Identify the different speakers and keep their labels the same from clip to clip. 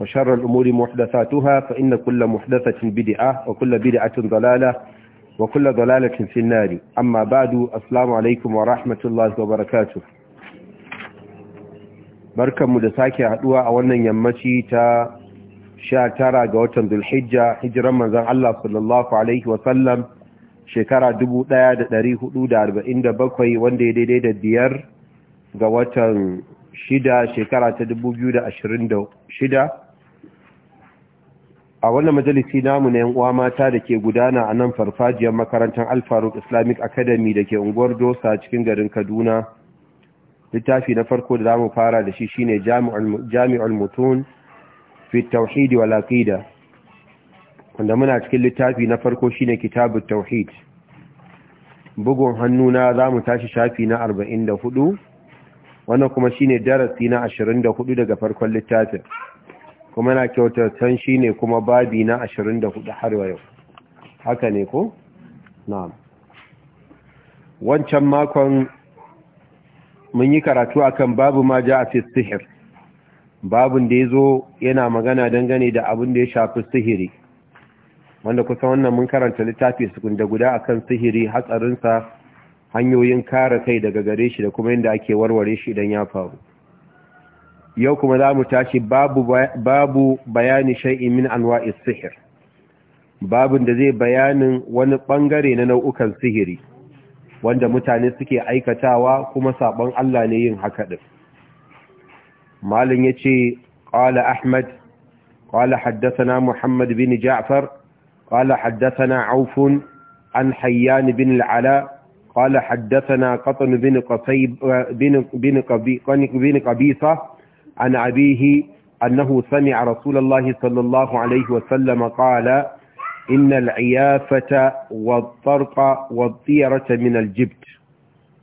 Speaker 1: وشر الأمور محدثاتها فإن كل محدثة بدعة وكل بدعة ضلالة وكل ضلالة في النار أما بعد السلام عليكم ورحمة الله وبركاته barkan mu da sake haduwa a wannan yammaci ta 19 ga watan Dhulhijja hijiran manzon Allah sallallahu alaihi wa a shekara 1447 wanda ya daidai da biyar ga watan shida shekara ta shida a wannan majalisi namu na uwa mata da ke gudana a nan farfajiyar makarantar alfaruk islamic academy da ke unguwar dosa cikin garin kaduna littafi na farko da zamu fara da shi shine jami'ul mutun fi tauhid wal aqida wanda muna cikin littafi na farko shine Kitabu tauhid bugun hannu na zamu tashi shafi na 44 wannan kuma shine darasi na 24 daga farkon littafin kuma yana kyautatan shi ne kuma babi na 24 har yau haka ne ko? na'am wancan makon mun yi karatu akan babu ma ja a sihir babin da ya zo yana magana dangane da abin da ya shafi sihiri wanda kusan wannan mun karanta littafi kunda guda kan sihiri hatsarinsa hanyoyin kare kai daga gare shi da kuma yadda ake warware shi idan ya faru yau kuma za mu tashi babu bayani shai'i min anwa'is sihir babin da zai bayanin wani bangare na nau'ukan sihiri wanda mutane suke aikatawa kuma sabon Allah ne yin haka din malin yace qala ahmad qala haddathana muhammad bin ja'far qala haddathana aufun an hayyan bin al-ala qala haddathana qatn bin qasayb bin bin qabi bin qabisa عن أبيه أنه سمع رسول الله صلى الله عليه وسلم قال إن العيافة والطرق والطيرة من الجبت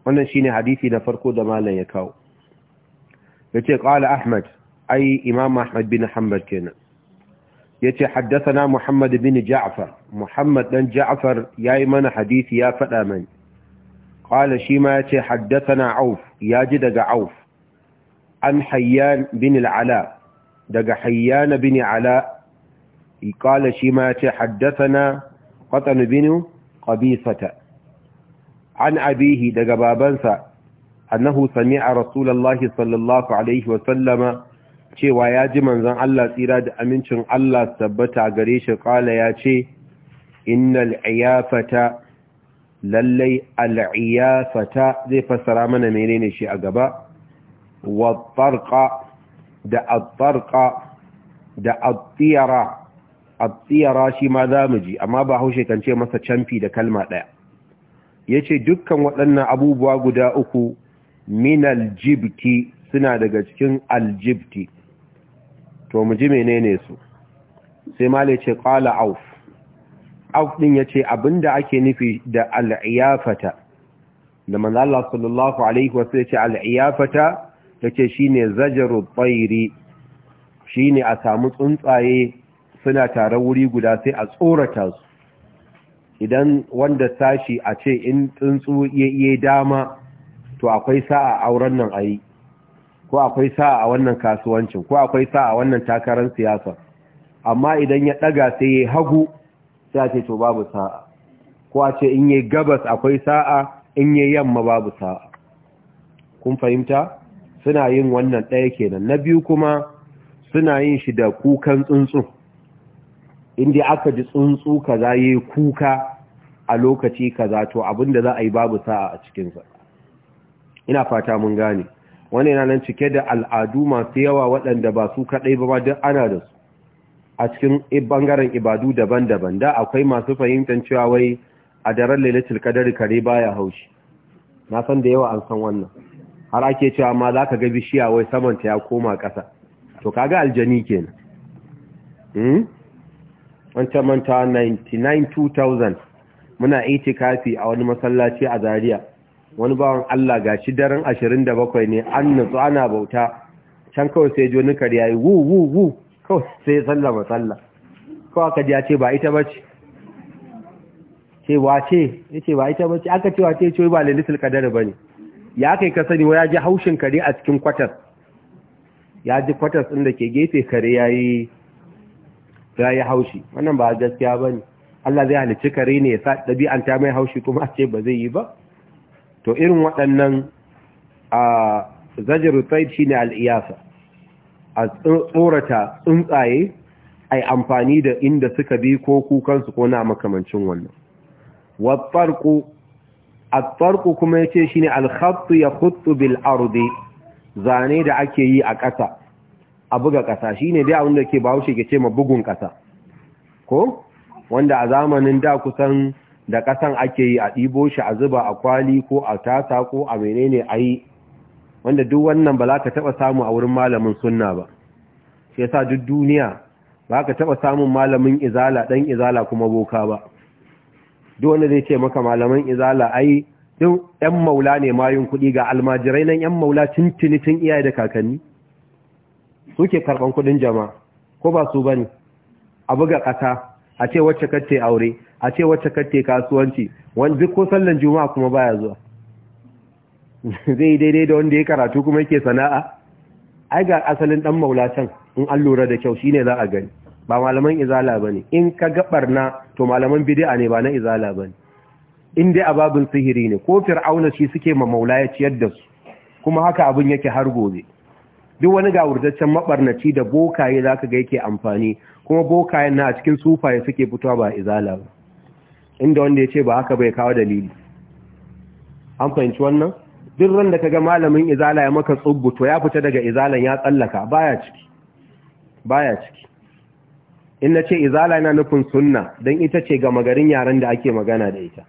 Speaker 1: وننشين حديثنا فرقو دما لا يكاو يتي قال أحمد أي إمام أحمد بن حمد كان يتي حدثنا محمد بن جعفر محمد بن جعفر يا إمان حديث يا فتامن قال شيما يتي حدثنا عوف يا جدد عوف an hayyan bin al'ala daga hayyana bin ala qala shi ma ce na qatan bin qabisata an abihi daga babansa annahu sami'a rasulallah sallallahu alaihi wa cewa ya ji manzon Allah tsira da amincin Allah tabbata gare shi qala ya ce innal iyafata lallai al'iyafata zai fassara mana menene shi a gaba wattarqa da attarqa da attiyara attiyara shi ma za mu ji amma ba haushe kan ce masa camfi da kalma ɗaya ya ce dukkan waɗannan abubuwa guda uku min aljibti suna daga cikin aljibti to mu ji menene su sai male ce ƙala auf auf ɗin ya ce abinda ake nufi da al'iyafata da manzala sallallahu alaihi wasu ya ce al'iyafata yace shine zajaru tsairi shine a samu tsuntsaye suna tare wuri guda sai a tsorata su idan wanda sashi a ce in tsuntsu iya dama to akwai sa'a auren nan ayi ko akwai sa'a a wannan kasuwancin ko akwai sa'a a wannan takarar siyasa amma idan ya ɗaga sai ya hagu sai ce to babu sa'a ko a ce in yi gabas akwai sa'a in yi yamma babu sa'a kun fahimta suna yin wannan ɗaya kenan na biyu kuma suna yin shi da kukan tsuntsu inda aka ji tsuntsu kaza yi kuka a lokaci kaza to abinda za a yi babu sa'a a cikinsa ina fata mun gane wani yana nan cike da al'adu masu yawa waɗanda ba su kaɗai ba duk ana da su a cikin bangaren ibadu daban-daban da akwai masu fahimtar cewa wai a daren lailatul kadar kare baya haushi na san da yawa an san wannan har ake cewa ma za ka ga bishiya wai samanta ya koma ƙasa to kaga aljani kenan hmm? wancan manta 99,000 muna kafi a wani masallaci a Zariya. wani bawan Allah ga shi daren 27 ne an nutsu ana bauta can kawai sai joni ya yi wu wu wu kawai sai sallama sallah kawai aka ji ya ce ba ita bace ce wace ce ba ita bace aka ce wace ce ba lilisul ba ne. ya kai ka sani wa ya ji haushin kare a cikin kwatas ya ji kwatas ɗin da ke gefe kare ya yi haushi wannan ba gaskiya ba ne Allah zai halicci kare ne ya sa ɗabi'anta mai haushi kuma a ce ba zai yi ba to irin waɗannan a zajiru tsaid shi ne al'iyasa a tsorata tsuntsaye a yi amfani da inda suka bi ko kukansu ko na makamancin wannan wafarku at-tarqu kuma yace shine al ya yakhuttu bil ardi zane da ake yi a ƙasa a buga ƙasa shine dai abin da ke shi ke ce ma bugun ƙasa ko wanda a zamanin da kusan da ƙasan ake yi a ɗibo shi a zuba a kwali ko a tasa ko a menene a yi wanda duk wannan ba za ka taɓa samu a wurin malamin sunna ba shi sa duk duniya ba ka taɓa samun malamin izala ɗan izala kuma boka ba duk zai ce maka malaman izala ai duk ɗan maula ne mayun kuɗi ga almajirai nan yan maula tuntuni tun iyaye da kakanni suke karɓan kuɗin jama'a ko ba su ba ne? a buga ƙasa a ce wacce kacce aure a ce wacce kacce kasuwanci wani duk ko sallan juma'a kuma baya zuwa zai daidai da wanda ya karatu kuma yake sana'a ai ga asalin ɗan maula can in an lura da kyau shine za a gani ba malaman izala ba ne. in ka gaɓar na to malaman bid'a ne ba na izala bane in dai ababin sihiri ne ko fir'auna shi suke ma maula ya ciyar da su kuma haka abin yake har gobe duk wani gawurtaccen mabarnaci da bokaye zaka ga yake amfani kuma bokayen na a cikin sufaye suke fitowa ba izala ba inda wanda ya ce ba haka bai kawo dalili an fahimci wannan duk ran da ga malamin izala ya maka tsubbu to ya fita daga izalan ya tsallaka baya ciki baya ciki in na ce izala yana nufin sunna don ita ce gama garin yaren da ake magana da ita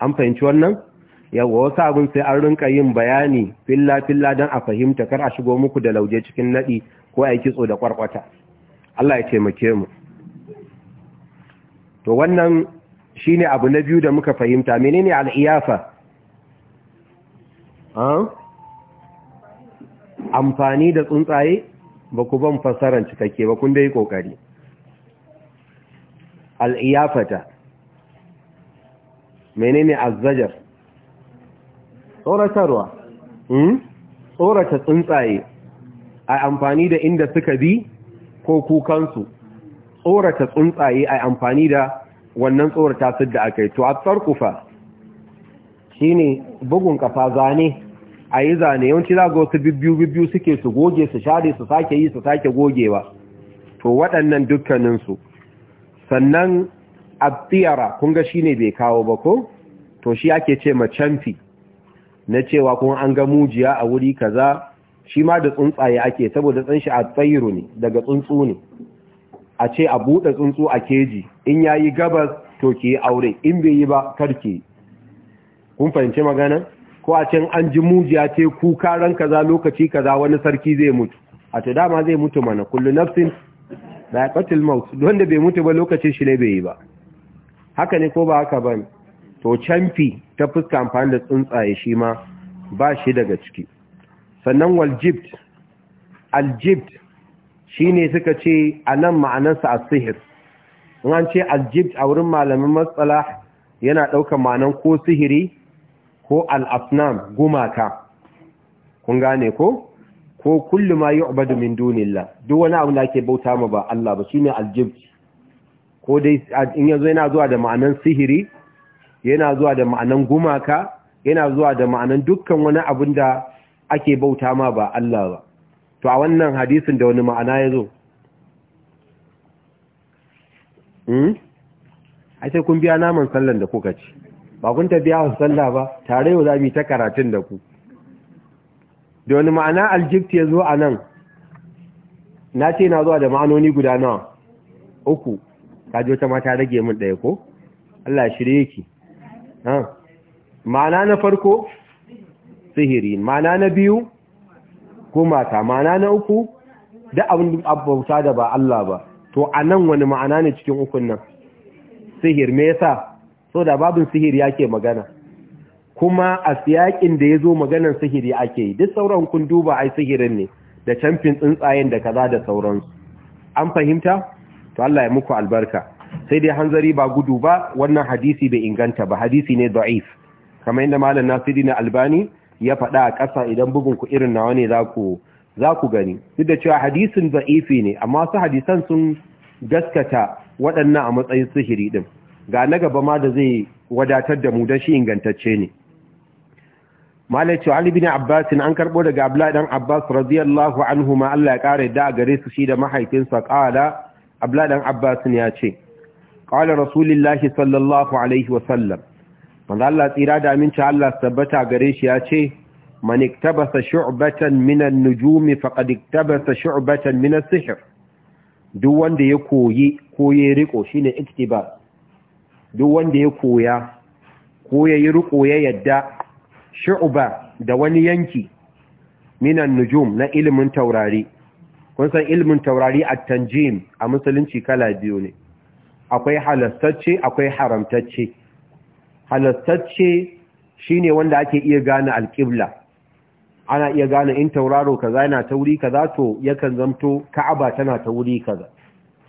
Speaker 1: an fahimci wannan yawa wasu abin sai an rinka yin bayani filla-filla don a fahimta kar a shigo muku da lauje cikin naɗi ko a yi kitso da ƙwarƙwata. Allah ya taimake mu to wannan shi ne abu na biyu da muka fahimta Mene ne al'iyafa amfani da tsuntsaye ba ku ban fasaran cikakke ba kun dai kokari al'iyafata menene azzajar tsoratarwa hmm? tsorata tsuntsaye a amfani da inda suka bi ko kukansu tsorata tsuntsaye a amfani da wannan tsorata su da aka yi to a tsarkufa shi ne bugun kafa zane a yi zane yawanci za ga wasu bibbiyu-bibbiyu suke su goge su share su sake yi su sake gogewa to waɗannan dukkaninsu sannan abtiyara kun ga ne bai kawo ba ko to shi ake ce ma canfi na cewa kuma an ga mujiya a wuri kaza shi ma da tsuntsaye ake saboda shi a tsayiru ne daga tsuntsu ne a ce a buɗe tsuntsu a keji in ya yi gabas to ke aure in bai yi ba karke kun fahimci magana ko a can an ji mujiya ce kuka ran kaza lokaci kaza wani sarki zai mutu a to dama zai mutu mana kullu nafsin daqatul don wanda bai mutu ba lokacin shi ne bai yi ba haka ne ko ba haka ban? to canfi ta fuska amfani da tsuntsaye shi ma ba shi daga ciki sannan waljibt aljibt shi ne suka ce a nan ma'anarsa a sihir, in an ce aljibt a wurin malamin matsala yana ɗaukar ma'anan ko sihiri ko al'afnam gumaka kun gane ko ko kullu ma yu'badu min dunillah duk wani abu da ake bauta ma ba Allah ba shine aljibti ko dai in yanzu yana zuwa da ma'anan sihiri yana zuwa da ma'anan gumaka yana zuwa da ma'anan dukkan wani abun da ake bauta ma ba Allah ba to a wannan hadisin da wani ma'ana ya zo hmm? ai sai kun biya naman sallan da kuka ci ba kun ta biya sallah ba tare yau za mu yi ta karatun da ku da wani ma'ana aljibt ya zo a nan na ce na zuwa da ma'anoni guda nawa uku Ka ji wata mata rage min ɗaya ko Allah shirye yake ma'ana na farko sihiri ma'ana na biyu mata ma'ana na uku da abin abbauta da ba Allah ba to a nan wani ma'ana ne cikin ukun nan sihir me yasa so da babin sihir yake magana kuma a siyakin da ya zo maganar sihiri ake yi duk sauran kun duba ai sihirin ne da camfin tsuntsayen da kaza da sauransu an fahimta to Allah ya muku albarka sai dai hanzari ba gudu ba wannan hadisi bai inganta ba hadisi ne da'if kamar yadda malam Nasiru na Albani ya faɗa a ƙasa idan bugun ku irin nawa ne za ku za ku gani duk da cewa hadisin da'ifi ne amma su hadisan sun gaskata waɗannan a matsayin sihiri din ga na gaba ma da zai wadatar da mu don shi ingantacce ne malai cewa Ali bin Abbas an karbo daga Abdullah dan Abbas radiyallahu anhu ma Allah ya kare da gare su shi da mahaifinsa qala Abdullah dan Abbas ya ce qala Rasulullah sallallahu alaihi wa sallam manzo Allah tsira da aminci Allah tabbata gare shi ya ce man iktabasa shu'batan min an-nujumi faqad iktabasa shu'batan min as-sihr duk wanda ya koyi koye riko shine iktiba duk wanda ya koya ko yayi riko ya yadda shu'ba da wani yanki minan nujum na ilimin taurari kun san ilimin taurari a tanjim a musulunci kala biyu ne akwai halastacce akwai haramtacce halastacce shine wanda ake iya gane alƙibla ana iya gane in tauraro kaza yana ta wuri kaza to yakan zamto ka'aba tana ta wuri kaza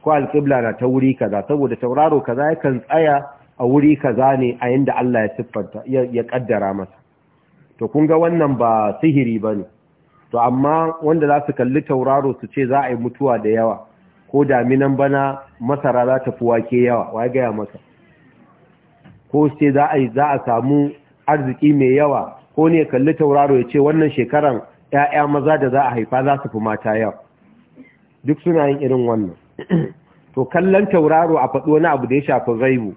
Speaker 1: ko alƙibla na ta wuri kaza saboda tauraro kaza yakan tsaya a wuri kaza ne a yanda Allah ya siffanta ya kaddara masa to kun ga wannan ba sihiri ba ne to amma wanda za su kalli tauraro su ce za a yi mutuwa da yawa ko daminan bana masara za ta fi ke yawa wa gaya masa ko su ce za a yi za a samu arziki mai yawa ko ne kalli tauraro ya ce wannan shekaran 'ya'ya maza da za a haifa za su fi mata yawa duk suna yin irin wannan to kallon tauraro a faɗo wani abu da ya shafi gaibu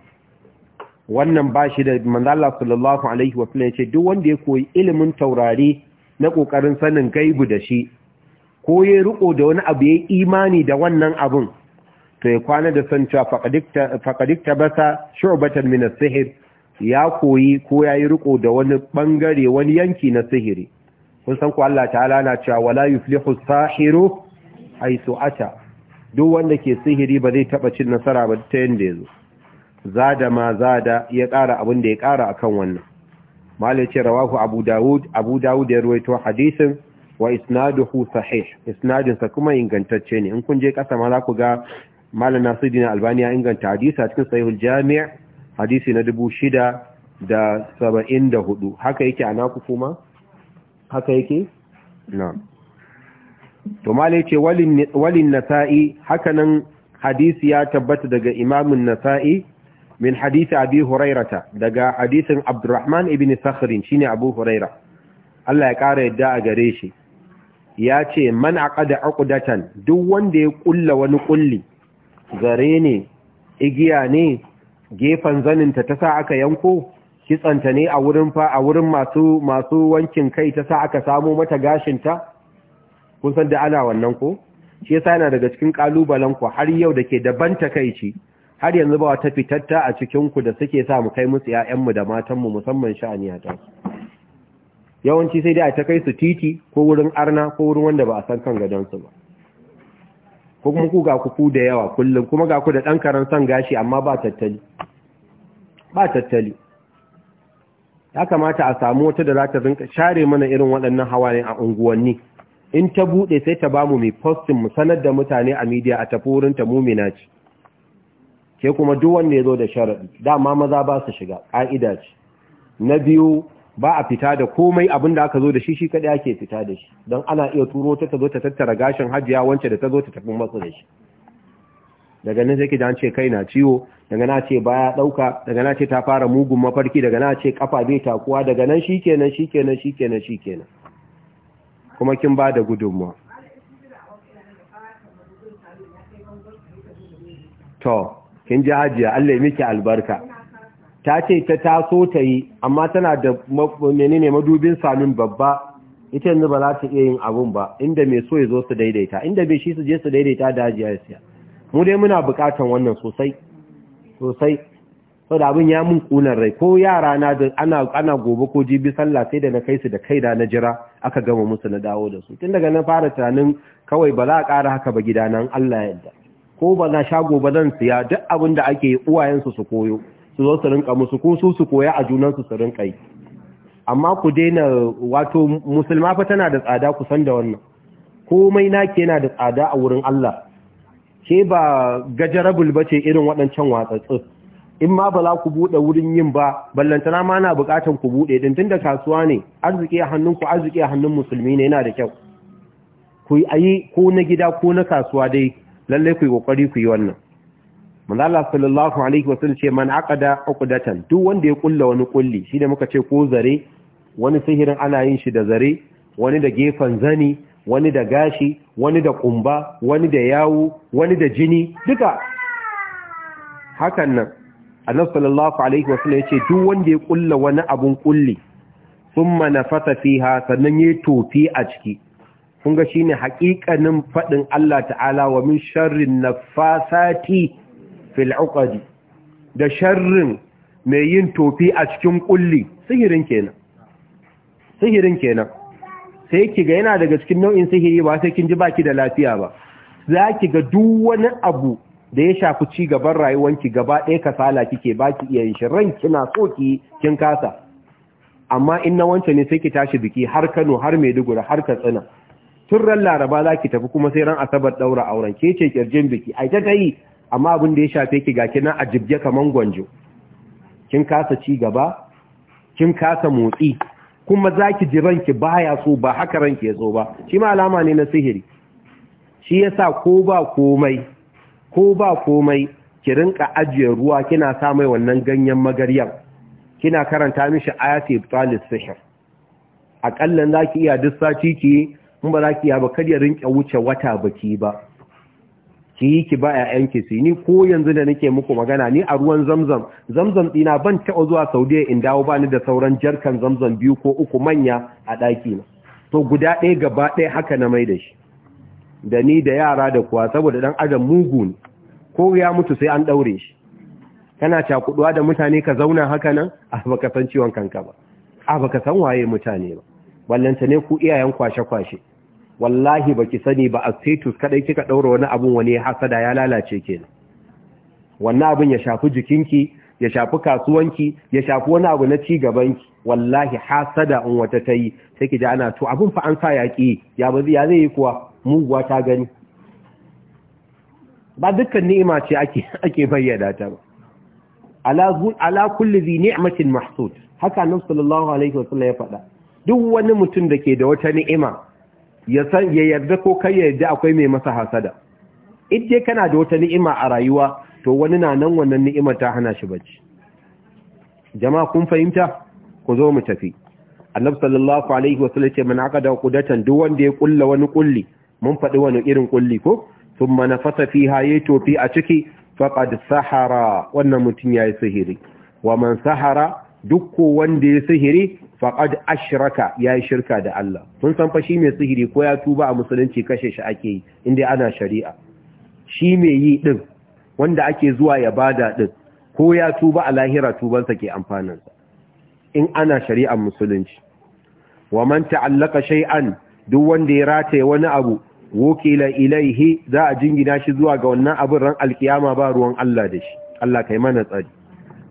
Speaker 1: wannan ba shi da manzala sallallahu alaihi wasallam ya ce duk wanda ya koyi ilimin taurari na kokarin sanin gaibu da shi ko ya riko da wani abu ya imani da wannan abun to ya kwana da san cewa faqadikta basa shu'batan min as-sihr ya koyi ko ya yi riko da wani bangare wani yanki na sihiri kun san ku Allah ta'ala na cewa wala yuflihu as-sahiru haythu ata duk wanda ke sihiri ba zai taba cin nasara ba ta yanda zo. zada ma zada ya ƙara abin da ya ƙara akan wannan malai ce rawahu abu dawud abu dawud ya ruwaito hadisin wa isnaduhu sahih isnadin sa kuma ingantacce ne in kun je ƙasa, ma za ku ga malam nasiruddin albani ya inganta hadisi a cikin sahihul jami' hadisi na 674 haka yake ana ku kuma haka yake na'am to malai ce walin nasa'i hakanan hadisi ya tabbata daga imamun nasa'i min hadisi abi hurairata daga hadisin abdurrahman ibn sakhrin shine abu huraira Allah ya kara yadda a gare shi ya ce man aqada uqdatan duk wanda ya kulla wani kulli zare ne igiya ne gefen zaninta ta sa aka yanko kitsanta ne a wurin fa a wurin masu masu wankin kai ta sa aka samu mata gashinta kun san da ana wannan ko shi yasa yana daga cikin kalubalen ku har yau dake daban takeici har yanzu ba wata fitatta a cikinku da suke sa mu kai musu ‘ya'yanmu da matanmu musamman sha'ani ta yawanci sai dai a ta kai su titi ko wurin arna ko wurin wanda ba a san kan gadonsu ba ko kuma ku ga ku da yawa kullum kuma ga ku da ɗan karan son gashi amma ba tattali ba tattali ya kamata a samu wata da za ta rinka share mana irin waɗannan ne a unguwanni in ta buɗe sai ta bamu mai postin mu sanar da mutane a media a tafi wurin ta mumina ce ke kuma duk wanda ya zo da sharaɗi dama maza ba su shiga ƙa'ida ce na biyu ba a fita da komai abin da aka zo da shi shi kaɗai ake fita da shi don ana iya turo ta zo ta tattara gashin hajiya wance da ta zo ta tafi matsa da shi daga nan sai ki ce kai na ciwo daga na ce baya ɗauka daga na ce ta fara mugun mafarki daga na ce kafa bai takuwa daga nan shikenan shikenan shikenan shikenan kuma kin ba da gudunmuwa to kin ji hajiya Allah ya miki albarka ta ce ta taso ta yi amma tana da menene madubin samun babba ita yanzu ba za ta iya yin abun ba inda mai so ya zo su daidaita inda bai shi su je su daidaita da hajiya ya siya mu dai muna bukatan wannan sosai sosai so da abin ya mun kunan rai ko yara na da ana ana gobe ko jibi sallah sai da na kai su da kai da na jira aka gama musu na dawo da su tun daga na fara tunanin kawai ba za a ƙara haka ba gida nan Allah ya yarda ko ba na shago ba zan siya duk abin da ake uwayensu su koyo su zo su rinka musu ko su su koya a junansu su rinka yi amma ku daina wato musulma fa tana da tsada ku san da wannan komai na ke yana da tsada a wurin Allah ke ba gajarabul bace irin waɗancan watsatsu in ma ba za ku buɗe wurin yin ba ballantana ma na buƙatar ku buɗe din tunda kasuwa ne arziki a hannunku arziki a hannun musulmi ne yana da kyau ku yi ayi ko na gida ko na kasuwa dai Lallai ku yi kokari ku yi wannan manzo Allah sallallahu alaihi wasallam ce man aqada uqdatan duk wanda ya kulla wani kulli shine muka ce ko zare wani sihirin ana yin shi da zare wani da gefan zani wani da gashi wani da kumba wani da yawo wani da jini duka hakan nan annabi sallallahu alaihi wasallam yace duk wanda ya kulla wani abun kulli thumma nafata fiha sannan ya tofi a ciki kun ga ne haƙiƙanin faɗin Allah ta'ala wa min sharrin na fasati uqadi da sharrin mai yin tofi a cikin kulli sihirin kenan sihirin kenan sai ki ga yana daga cikin nau'in sihiri ba sai kin ji baki da lafiya ba za ki ga duk wani abu da ya shafi ci gaban rayuwanki gaba ɗaya kasala kike baki iya yin shirin kina so ki kin kasa amma in na wancan ne sai ki tashi biki har Kano har Maiduguri har Katsina tun ran laraba za ki tafi kuma sai ran asabar ɗaura auren ke ce kirjin biki a ta yi amma abin da ya shafe ki ga kina a jibge kaman gwanjo kin kasa ci gaba kin kasa motsi kuma za ki ji ranki baya so ba haka ranki ya so ba shi ma alama ne na sihiri shi yasa ko ba komai ko ba komai ki rinka ajiye ruwa kina sa mai wannan ganyen magaryan kina karanta mishi ayati ibtalis sihir akallan zaki iya duk sati ki in ba za ki ya ba kar ya rinke wuce wata baki ba ki yi ki ba yanki su ni ko yanzu da nake muku magana ni a ruwan zamzam zamzam dina ban taɓa zuwa saudiya in dawo ba ni da sauran jarkan zamzam biyu ko uku manya a ɗaki na to guda ɗaya gaba ɗaya haka na mai da shi da ni da yara da kuwa saboda ɗan adam mugu ne ko ya mutu sai an ɗaure shi kana cakuɗuwa da mutane ka zauna haka nan a ah, baka san ciwon kanka ba a ah, baka san waye mutane ba ballanta ne ku iyayen kwashe-kwashe wallahi baki sani ba a status kadai kika daura wani abun wani hasada ya lalace kenan wannan abun ya shafi jikinki ya shafi kasuwanki ya shafi wani abu na ci gabanki wallahi hasada in wata ta yi sai ki ji ana to abun fa an sa yaƙi ya ya zai yi kuwa muguwa ta gani ba dukkan ni'ima ce ake ake bayyana ta ba ala ala kulli zi ni'matin mahsud haka annabi sallallahu alaihi wasallam ya faɗa duk wani mutum da ke da wata ni'ima ya san ya yarda ko kai ya yarda akwai mai masa hasada idje kana da wata ni'ima a rayuwa to wani na nan wannan ni'imar ta hana shi bacci jama'a kun fahimta ku zo mu tafi annabi sallallahu alaihi wasallam ce man aqada qudatan duk wanda ya kulla wani kulli mun faɗi wani irin kulli ko thumma nafasa fiha yato fi a ciki faqad sahara wannan mutum yayi sihiri wa man sahara duk wanda ya sihiri faqad ashraka yi shirka da Allah sun san fa shi mai sihiri ko ya tuba a musulunci kashe shi ake yi inda ana shari'a shi mai yi din wanda ake zuwa ya bada din ko ya tuba a lahira tubansa ke sa in ana shari'ar musulunci wa man ta'allaka shay'an duk wanda ya rataye wani abu wukila ilaihi za a jingina shi zuwa ga wannan abin ran alkiyama ba ruwan Allah da shi Allah kai mana tsari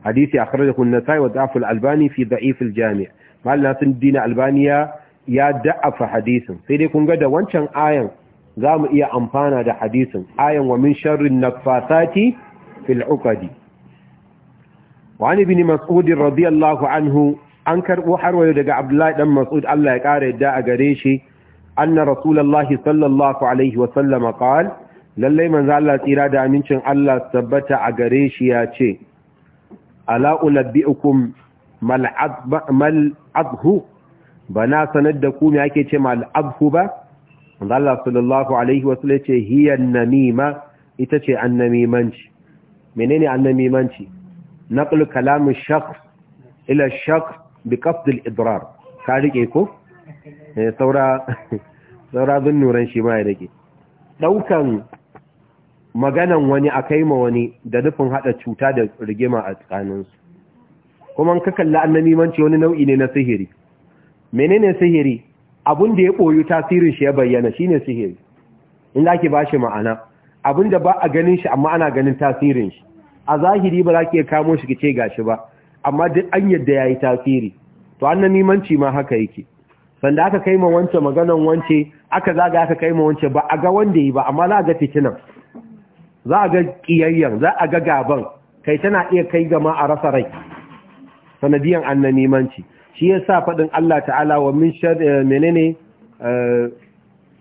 Speaker 1: hadisi a an-nasa'i wa da'afu al-albani fi da'if al-jami' mal nasin din albaniya ya da'afa hadisin sai dai kun ga da wancan ayan zamu iya amfana da hadisin ayan wa min sharri nafasati fil 'uqadi wa an ibn mas'ud radiyallahu an karbo har wayo daga abdullahi dan mas'ud Allah ya kare da a gare shi anna rasulullahi sallallahu alaihi wa sallam qala lalle manzo Allah tsira da amincin Allah tabbata a gare shi ya ce ala ulabbi'ukum mal azhu ba na sanar da ku me ake ce mal azhu ba wanda Allah sallallahu alaihi wasallam ce hiya namima ita ce annamimanci menene annamimanci naqlu kalamin shakhs ila shakhs bi qasd al idrar ka rike ko saura saura Nuran shi ma ya rike daukan maganan wani a kai ma wani da nufin haɗa cuta da rigima a tsakaninsu kuma ka kalli annamimanci wani nau'i ne na sihiri menene sihiri abin da ya ɓoyi tasirin shi ya bayyana shine sihiri in za ki ba shi ma'ana abin da ba a ganin shi amma ana ganin tasirin shi a zahiri ba za ki iya kamo shi kice ce shi ba amma duk an yadda ya yi tasiri to annamimanci ma haka yake sanda aka kai ma wance maganan wance aka zaga aka kai ma wance ba a ga wanda yi ba amma za a ga fitinan za a ga ƙiyayyar za a ga gaban kai tana iya kai gama a rasa rai sanadiyan annanimanci shi ya sa faɗin Allah ta'ala wa min eh, ne eh,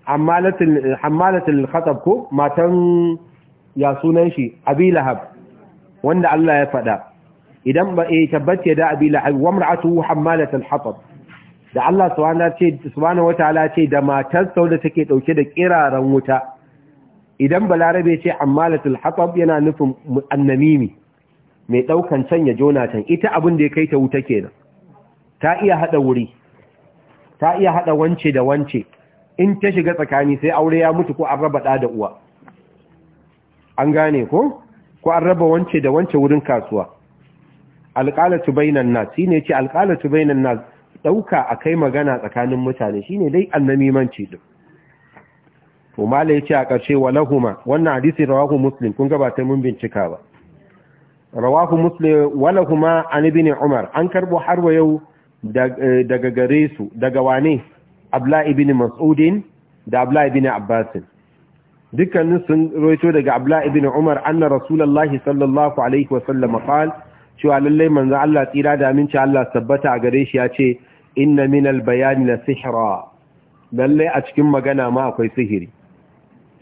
Speaker 1: hammalatul khatab ko matan ya sunan shi abi lahab wanda Allah ya faɗa idan ba eh tabbace da abi lahab wa mar'atuhu hammalatul hatab da Allah subhanahu wa ta'ala ce da matar sau da take dauke da kiraran wuta idan balarabe ce ammalatul hatab yana nufin annamimi mai daukan canya jonathan ita abin da ya kai ta wuta kenan ta iya hada wuri ta iya hada wance da wance in ta shiga tsakani sai aure ya mutu ko an raba da da uwa an gane ko ko an raba wance da wance wurin kasuwa alqalatu bainan nas shine ce alqalatu bainan nas dauka akai magana tsakanin mutane shine dai annamimanci din to mala yace a ƙarshe walahuma wannan hadisi rawahu muslim kun gabata mun bincika ba rawahu muslim walahuma an ibn umar an karbo har wa yau eh, daga gare su daga wane abla ibn mas'udin da abla ibn Abbas. dukkanin sun roito daga abla ibn umar anna rasulullahi sallallahu alaihi wa sallam qala cewa lallai manzo Allah tsira da aminci Allah tabbata a gare shi ya ce inna minal bayani na sihra lallai a cikin magana ma akwai sihiri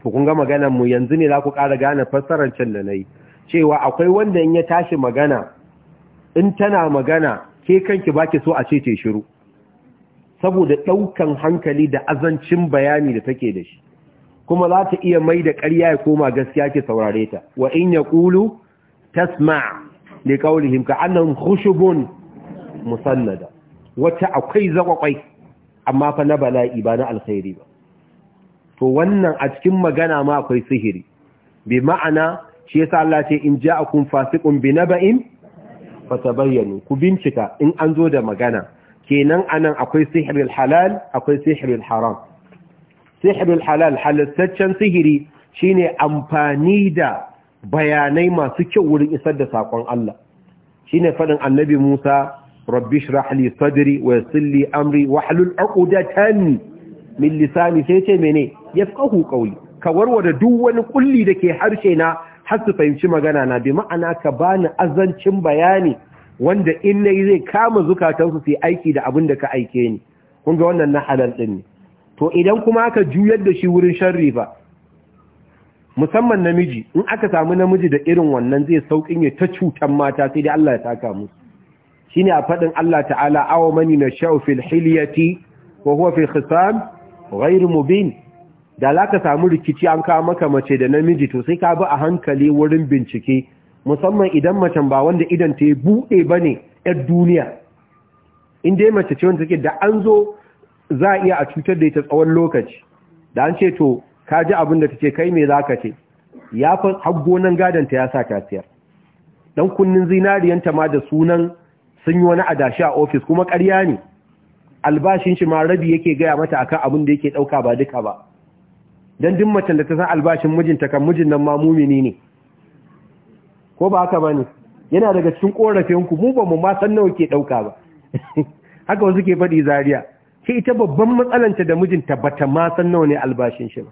Speaker 1: ku kun ga maganar mu yanzu ne za ku ƙara gane fassarar can da na yi. cewa akwai wanda in ya tashi magana in tana magana ke kanki baki so a ce ce shiru saboda ɗaukan hankali da azancin bayani da take da shi kuma za ta iya mai da ƙarya ya koma gaskiya ke saurare ta wa in ya ƙulu tasma li qawlihim ka annahum khushubun musannada wata akwai zakwakwai amma fa na bala'i ba na alkhairi ba to wannan a cikin magana ma akwai sihiri bi ma'ana shi yasa Allah ce in ja'akum fasiqun bi naba'in fatabayyanu ku bincika in an zo da magana kenan anan akwai sihirul halal akwai sihirul haram sihirul halal halartaccen sihiri shine amfani da bayanai masu kyau wurin isar da sakon Allah shine fadin annabi Musa rabbi shrah li sadri wa yassir li amri wahlul 'uqdatan min lisani sai ce mene Ya yafqahu qawli ka warware duk wani kulli ke harshe na har su fahimci magana na bi ma'ana ka bani azancin bayani wanda in nayi zai kama zukatansu su aiki da abin da ka aike ni kun ga wannan na halal din ne to idan kuma ka juyar da shi wurin sharri fa musamman namiji in aka samu namiji da irin wannan zai saukin ya ta cutan mata sai dai Allah ya taka mu shine a fadin Allah ta'ala Awo mani na sha'u fil hilyati wa huwa fi khisam ghayr mubin da za ka samu rikici an kawo maka mace da namiji to sai ka bi a hankali wurin bincike musamman idan mace ba wanda idan ta yi buɗe ba ne 'yar duniya Inda ya mace ce wanda take da an zo za a iya a cutar da ita tsawon lokaci da an ce to ka ji abin da ta ce kai mai za ka ce ya fi haggonan ta ya sa kasiyar dan kunnin zinariyanta ma da sunan sun yi wani adashi a ofis kuma ƙarya ne albashin shi ma rabi yake gaya mata akan abin da yake ɗauka ba duka ba don duk macen da ta san albashin mijinta kan mijin nan ma mumini ne ko ba haka bane yana daga cikin korafin ku mu ba mu ma san nawa ke dauka ba haka wasu ke faɗi Zariya, shi ita babban matsalanta da mijinta bata ma san nawa ne albashin shi ba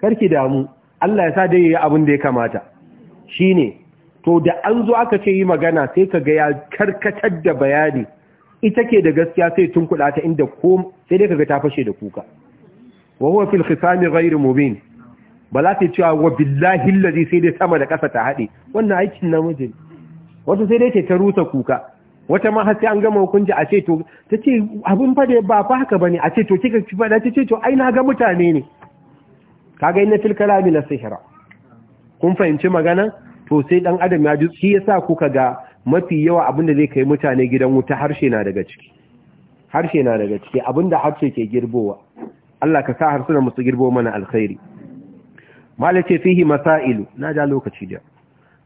Speaker 1: karki damu Allah ya sa dai yayi abin da ya kamata shine to da an zo aka ce yi magana sai ka ga ya karkatar da bayani ita ke da gaskiya sai tun kuɗata ta inda ko sai dai ga ta fashe da kuka wa huwa fil khisami ghairu mubin ba za ta cewa wa billahi allazi sai dai sama da kasa ta hade wannan aikin namiji wato sai dai ce ta rusa kuka wata ma har sai an gama hukunci a ce to ta ce fa da ba fa haka bane a ce to kika ci fada ta ce to ai na ga mutane ne kaga inna fil kalami la sihra kun fahimci magana to sai dan adam ya ji shi yasa kuka ga mafi yawa abinda zai kai mutane gidan wuta harshe na daga ciki harshe na daga ciki abinda harshe ke girbowa Allah ka sa harsunan musu girbo mana alkhairi malace fihi masailu na ja lokaci da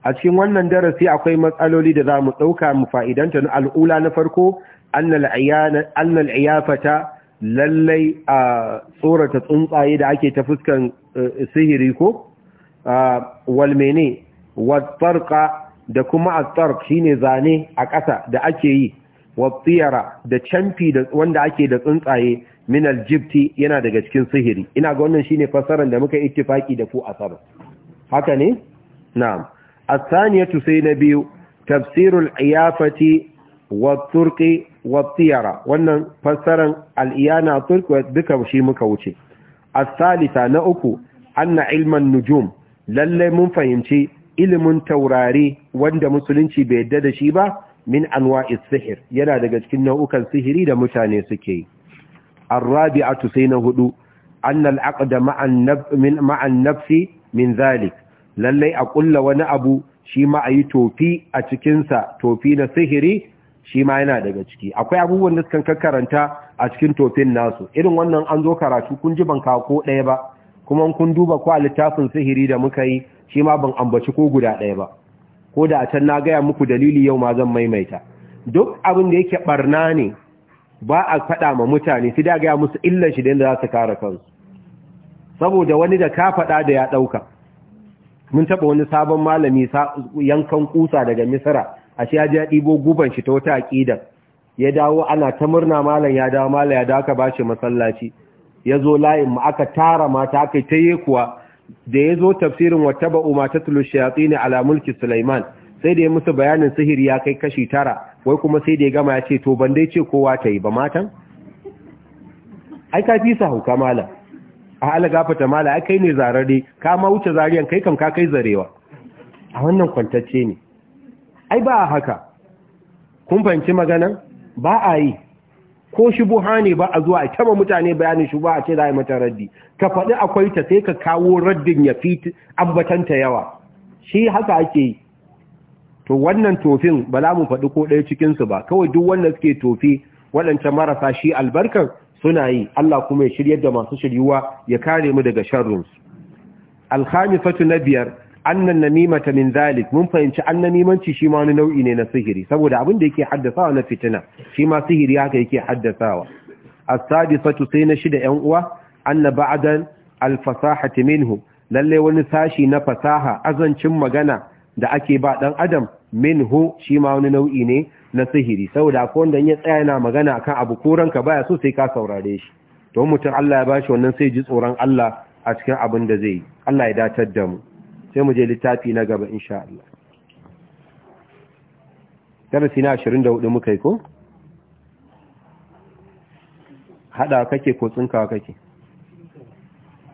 Speaker 1: a cikin wannan darasi akwai matsaloli da za mu ɗauka mu fa'idanta na al'ula na farko annal ayana iyafata lallai a tsorata tsuntsaye da ake ta fuskan e, sihiri ko wal mene wa da kuma at-tarq shine zane a ƙasa da ake yi wattiyara da canfi wanda ake da tsuntsaye min aljibti yana daga cikin sihiri ina ga wannan shine fasaran da muka ittifaki da ku a saba haka ne na'am as-saniyatu sai na biyu tafsirul iyafati wat-turqi wat-tiyara wannan fasaran al-iyana turqi duka shi muka wuce as-salisa na uku anna ilman nujum lalle mun fahimci ilimin taurari wanda musulunci bai yadda da shi ba min anwa'is sihir yana daga cikin nau'ukan sihiri da mutane suke yi arabi'atu sai na hudu annal aqda ma'an nafsi min nafsi min zalik lalle a kulla wani abu shi ma ayi tofi a cikin sa tofi na sihiri shi ma yana daga ciki akwai abubuwan da kan karanta a cikin tofin nasu irin wannan an zo karatu kun ji ban ko ɗaya ba kuma kun duba ko a littafin sihiri da muka yi shi ma ban ambaci ko guda ɗaya ba ko da a can na gaya muku dalili yau ma zan maimaita duk abin da yake barna ne ba a faɗa ma mutane su da gaya musu illar shi da yadda za su kare kansu saboda wani da ka faɗa da ya ɗauka mun taɓa wani sabon malami yankan kusa daga misira a shi ya ji ya ɗibo guban shi ta wata aƙidar ya dawo ana ta murna malam ya dawo malam ya dawo ka ba shi masallaci ya zo layin mu aka tara mata aka ta yi kuwa da ya zo tafsirin wata ba'u mata shayatsi ne ala mulki sai da ya musu bayanin sihiri ya kai kashi tara wai kuma sai da ya gama ya ce to ban dai ce kowa ta yi ba matan? ai ka fi sa hauka mala a ala gafata mala ai kai ne zarare ka ma wuce zariyan kai kam ka kai zarewa a wannan kwantacce ne ai ba a haka kun fahimci maganan ba a yi ko shubuha ne ba a zuwa a taba mutane bayanin ba a ce za a yi mata raddi ka faɗi akwai ta sai ka kawo raddin ya fi ta yawa shi haka ake yi to wannan tofin ba za mu faɗi ko ɗaya cikinsu ba kawai duk wanda suke tofi waɗancan marasa shi albarkar suna yi Allah kuma ya shirya da masu shiryuwa ya kare mu daga sharrunsu alkhamisatu na biyar annan namimata min zalik mun fahimci annamimanci shi ma wani nau'i ne na sihiri saboda abin da yake haddasawa na fitina shi ma sihiri haka yake haddasawa as-sadisatu sai na shida yan uwa anna ba'dan al-fasahati minhu lalle wani sashi na fasaha azancin magana da ake ba dan adam minhu shi ma wani nau'i ne na sihiri saboda ko wanda ya tsaya yana magana akan abu ka baya so sai ka saurare shi to mutum Allah ya bashi wannan sai ji tsoron Allah a cikin abin da zai yi Allah ya datar da mu sai mu je littafi na gaba insha Allah darasi na hudu muka yi ko hada kake ko tsinkawa kake